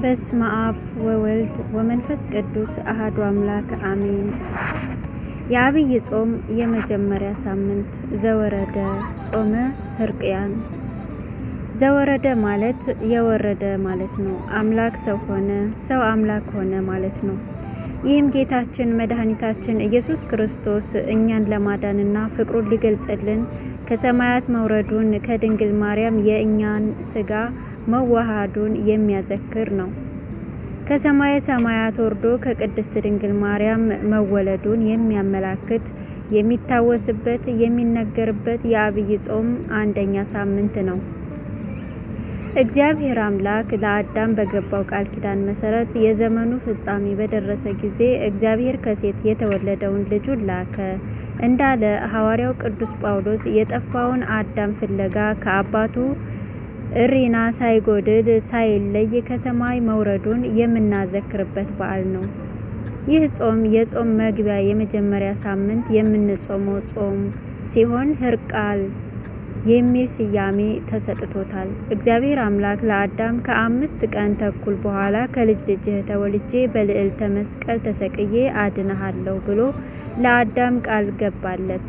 በስመ አብ ወወልድ ወመንፈስ ቅዱስ አሐዱ አምላክ አሜን። የዐቢይ ጾም የመጀመሪያ ሳምንት ዘወረደ ጾመ ሕርቅያን። ዘወረደ ማለት የወረደ ማለት ነው። አምላክ ሰው ሆነ፣ ሰው አምላክ ሆነ ማለት ነው። ይህም ጌታችን መድኃኒታችን ኢየሱስ ክርስቶስ እኛን ለማዳንና ፍቅሩን ሊገልጽልን ከሰማያት መውረዱን ከድንግል ማርያም የእኛን ስጋ መዋሃዱን የሚያዘክር ነው። ከሰማየ ሰማያት ወርዶ ከቅድስት ድንግል ማርያም መወለዱን የሚያመላክት የሚታወስበት የሚነገርበት የአብይ ጾም አንደኛ ሳምንት ነው። እግዚአብሔር አምላክ ለአዳም በገባው ቃል ኪዳን መሰረት የዘመኑ ፍጻሜ በደረሰ ጊዜ እግዚአብሔር ከሴት የተወለደውን ልጁን ላከ እንዳለ ሐዋርያው ቅዱስ ጳውሎስ የጠፋውን አዳም ፍለጋ ከአባቱ እሪና ሳይጎድል ሳይለይ ከሰማይ መውረዱን የምናዘክርበት በዓል ነው። ይህ ጾም የጾም መግቢያ የመጀመሪያ ሳምንት የምንጾመው ጾም ሲሆን ህርቃል የሚል ስያሜ ተሰጥቶታል። እግዚአብሔር አምላክ ለአዳም ከአምስት ቀን ተኩል በኋላ ከልጅ ልጅህ ተወልጄ በልዕልተ መስቀል ተሰቅዬ አድንሃለሁ ብሎ ለአዳም ቃል ገባለት።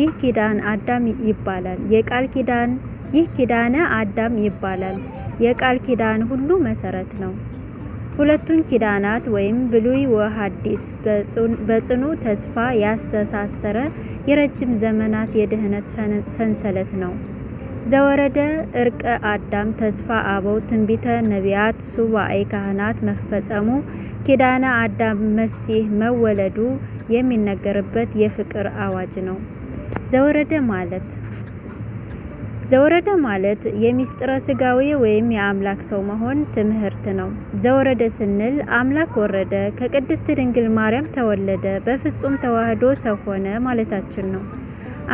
ይህ ኪዳን አዳም ይባላል። የቃል ኪዳን ይህ ኪዳነ አዳም ይባላል። የቃል ኪዳን ሁሉ መሰረት ነው። ሁለቱን ኪዳናት ወይም ብሉይ ወሐዲስ በጽኑ ተስፋ ያስተሳሰረ የረጅም ዘመናት የድህነት ሰንሰለት ነው። ዘወረደ እርቀ አዳም ተስፋ አበው ትንቢተ ነቢያት ሱባኤ ካህናት መፈጸሙ ኪዳነ አዳም መሲህ መወለዱ የሚነገርበት የፍቅር አዋጅ ነው። ዘወረደ ማለት ዘወረደ ማለት የሚስጥረ ስጋዊ ወይም የአምላክ ሰው መሆን ትምህርት ነው። ዘወረደ ስንል አምላክ ወረደ፣ ከቅድስት ድንግል ማርያም ተወለደ፣ በፍጹም ተዋህዶ ሰው ሆነ ማለታችን ነው።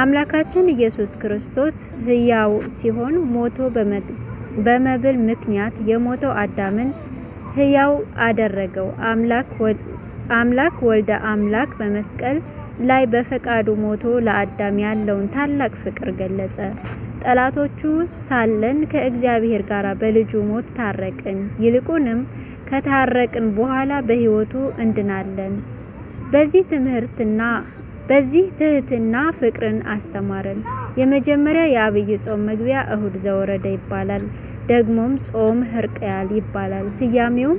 አምላካችን ኢየሱስ ክርስቶስ ሕያው ሲሆን ሞቶ በመብል ምክንያት የሞተው አዳምን ሕያው አደረገው። አምላክ ወልደ አምላክ በመስቀል ላይ በፈቃዱ ሞቶ ለአዳም ያለውን ታላቅ ፍቅር ገለጸ። ጠላቶቹ ሳለን ከእግዚአብሔር ጋር በልጁ ሞት ታረቅን፣ ይልቁንም ከታረቅን በኋላ በሕይወቱ እንድናለን። በዚህ ትምህርትና በዚህ ትህትና ፍቅርን አስተማረን። የመጀመሪያ የአብይ ጾም መግቢያ እሁድ ዘወረደ ይባላል። ደግሞም ጾም ሕርቃል ይባላል። ስያሜውም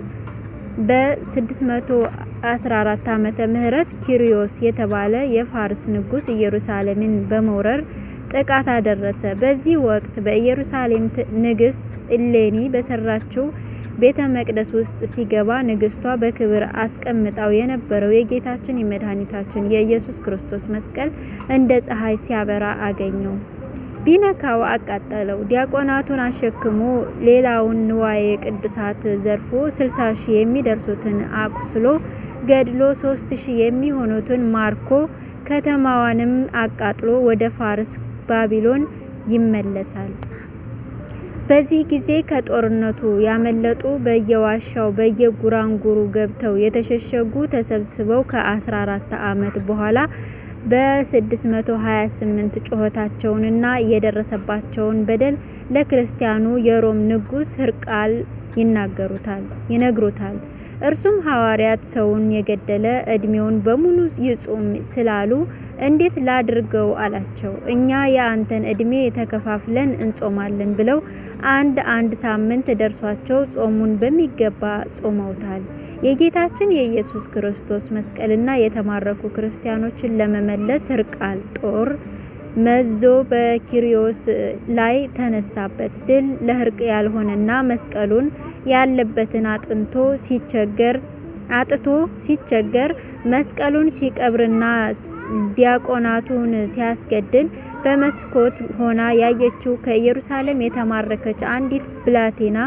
በ614 ዓመተ ምህረት ኪሪዮስ የተባለ የፋርስ ንጉስ ኢየሩሳሌምን በመውረር ጥቃት አደረሰ። በዚህ ወቅት በኢየሩሳሌም ንግስት እሌኒ በሰራችው ቤተ መቅደስ ውስጥ ሲገባ ንግስቷ በክብር አስቀምጣው የነበረው የጌታችን የመድኃኒታችን የኢየሱስ ክርስቶስ መስቀል እንደ ፀሐይ ሲያበራ አገኘው። ቢነካው አቃጠለው። ዲያቆናቱን አሸክሞ ሌላውን ንዋየ ቅዱሳት ዘርፎ 60 ሺህ የሚደርሱትን አቁስሎ ገድሎ 3 ሺህ የሚሆኑትን ማርኮ ከተማዋንም አቃጥሎ ወደ ፋርስ ባቢሎን ይመለሳል። በዚህ ጊዜ ከጦርነቱ ያመለጡ በየዋሻው በየጉራንጉሩ ገብተው የተሸሸጉ ተሰብስበው ከ14 ዓመት በኋላ በ628 ጩኸታቸውንና የደረሰባቸውን በደል ለክርስቲያኑ የሮም ንጉስ ህርቃል ይናገሩታል ይነግሩታል። እርሱም ሐዋርያት ሰውን የገደለ እድሜውን በሙሉ ይጹም ስላሉ እንዴት ላድርገው አላቸው። እኛ የአንተን እድሜ ተከፋፍለን እንጾማለን ብለው አንድ አንድ ሳምንት ደርሷቸው ጾሙን በሚገባ ጾመውታል። የጌታችን የኢየሱስ ክርስቶስ መስቀልና የተማረኩ ክርስቲያኖችን ለመመለስ ርቃል ጦር መዞ በኪሪዮስ ላይ ተነሳበት። ድል ለህርቅ ያልሆነና መስቀሉን ያለበትን አጥንቶ ሲቸገር አጥቶ ሲቸገር መስቀሉን ሲቀብርና ዲያቆናቱን ሲያስገድል በመስኮት ሆና ያየችው ከኢየሩሳሌም የተማረከች አንዲት ብላቴና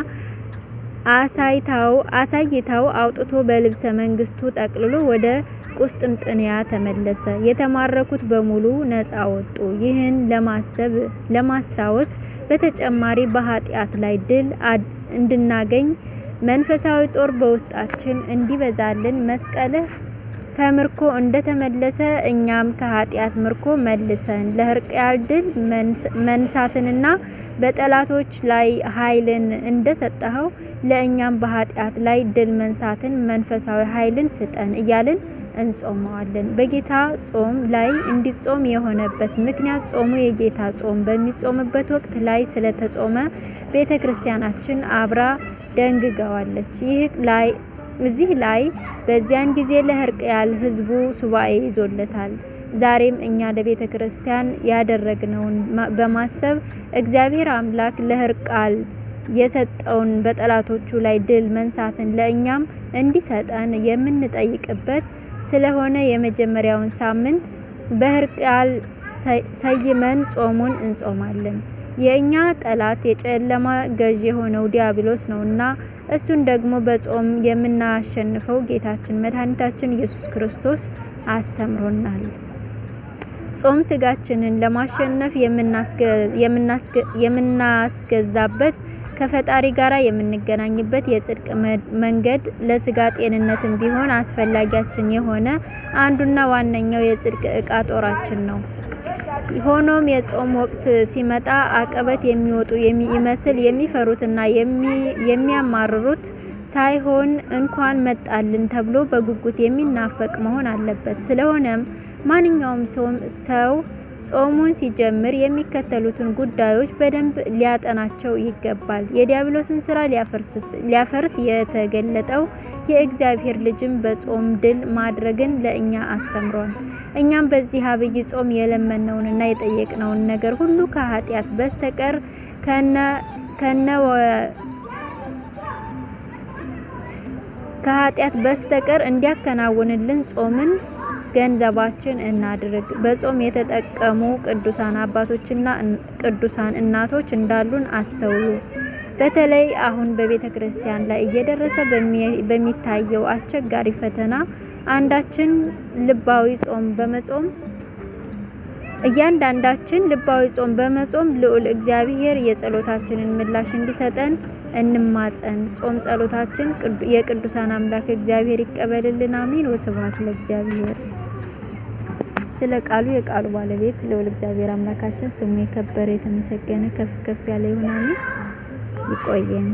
አሳይታው አሳይታው አውጥቶ በልብሰ መንግስቱ ጠቅልሎ ወደ ቁስጥንጥንያ ተመለሰ። የተማረኩት በሙሉ ነፃ ወጡ። ይህን ለማሰብ ለማስታወስ በተጨማሪ በኃጢአት ላይ ድል እንድናገኝ መንፈሳዊ ጦር በውስጣችን እንዲበዛልን መስቀልህ ከምርኮ እንደተመለሰ እኛም ከኃጢአት ምርኮ መልሰን ለህርቅያል ድል መንሳትንና በጠላቶች ላይ ኃይልን እንደሰጠኸው ለእኛም በኃጢአት ላይ ድል መንሳትን መንፈሳዊ ኃይልን ስጠን እያልን እንጾመዋለን። በጌታ ጾም ላይ እንዲጾም የሆነበት ምክንያት ጾሙ የጌታ ጾም በሚጾምበት ወቅት ላይ ስለተጾመ ቤተ ክርስቲያናችን አብራ ደንግገዋለች። ይህ ላይ እዚህ ላይ በዚያን ጊዜ ለሕርቅያል ህዝቡ ሱባኤ ይዞለታል። ዛሬም እኛ ለቤተ ክርስቲያን ያደረግነውን በማሰብ እግዚአብሔር አምላክ ለሕርቃል የሰጠውን በጠላቶቹ ላይ ድል መንሳትን ለእኛም እንዲሰጠን የምንጠይቅበት ስለሆነ የመጀመሪያውን ሳምንት በህርቃል ሰይመን ጾሙን እንጾማለን። የእኛ ጠላት የጨለማ ገዥ የሆነው ዲያብሎስ ነውና እሱን ደግሞ በጾም የምናሸንፈው ጌታችን መድኃኒታችን ኢየሱስ ክርስቶስ አስተምሮናል። ጾም ስጋችንን ለማሸነፍ የምናስገዛበት ከፈጣሪ ጋር የምንገናኝበት የጽድቅ መንገድ ለስጋ ጤንነትም ቢሆን አስፈላጊያችን የሆነ አንዱና ዋነኛው የጽድቅ እቃ ጦራችን ነው። ሆኖም የጾም ወቅት ሲመጣ አቀበት የሚወጡ የሚመስል የሚፈሩትና የሚያማርሩት ሳይሆን እንኳን መጣልን ተብሎ በጉጉት የሚናፈቅ መሆን አለበት። ስለሆነም ማንኛውም ሰው ጾሙን ሲጀምር የሚከተሉትን ጉዳዮች በደንብ ሊያጠናቸው ይገባል። የዲያብሎስን ስራ ሊያፈርስ የተገለጠው የእግዚአብሔር ልጅም በጾም ድል ማድረግን ለእኛ አስተምሯል። እኛም በዚህ አብይ ጾም የለመነውንና የጠየቅነውን ነገር ሁሉ ከኃጢአት በስተቀር ከነ ከነ ከኃጢአት በስተቀር እንዲያከናውንልን ጾምን ገንዘባችን እናድርግ። በጾም የተጠቀሙ ቅዱሳን አባቶችና ቅዱሳን እናቶች እንዳሉን አስተውሉ። በተለይ አሁን በቤተ ክርስቲያን ላይ እየደረሰ በሚታየው አስቸጋሪ ፈተና አንዳችን ልባዊ ጾም በመጾም እያንዳንዳችን ልባዊ ጾም በመጾም ልዑል እግዚአብሔር የጸሎታችንን ምላሽ እንዲሰጠን እንማጸን። ጾም ጸሎታችን የቅዱሳን አምላክ እግዚአብሔር ይቀበልልን። አሜን። ወስብሐት ለእግዚአብሔር። ስለ ቃሉ የቃሉ ባለቤት ልዑል እግዚአብሔር አምላካችን ስሙ የከበረ የተመሰገነ ከፍ ከፍ ያለ ይሆናል። ይቆየን።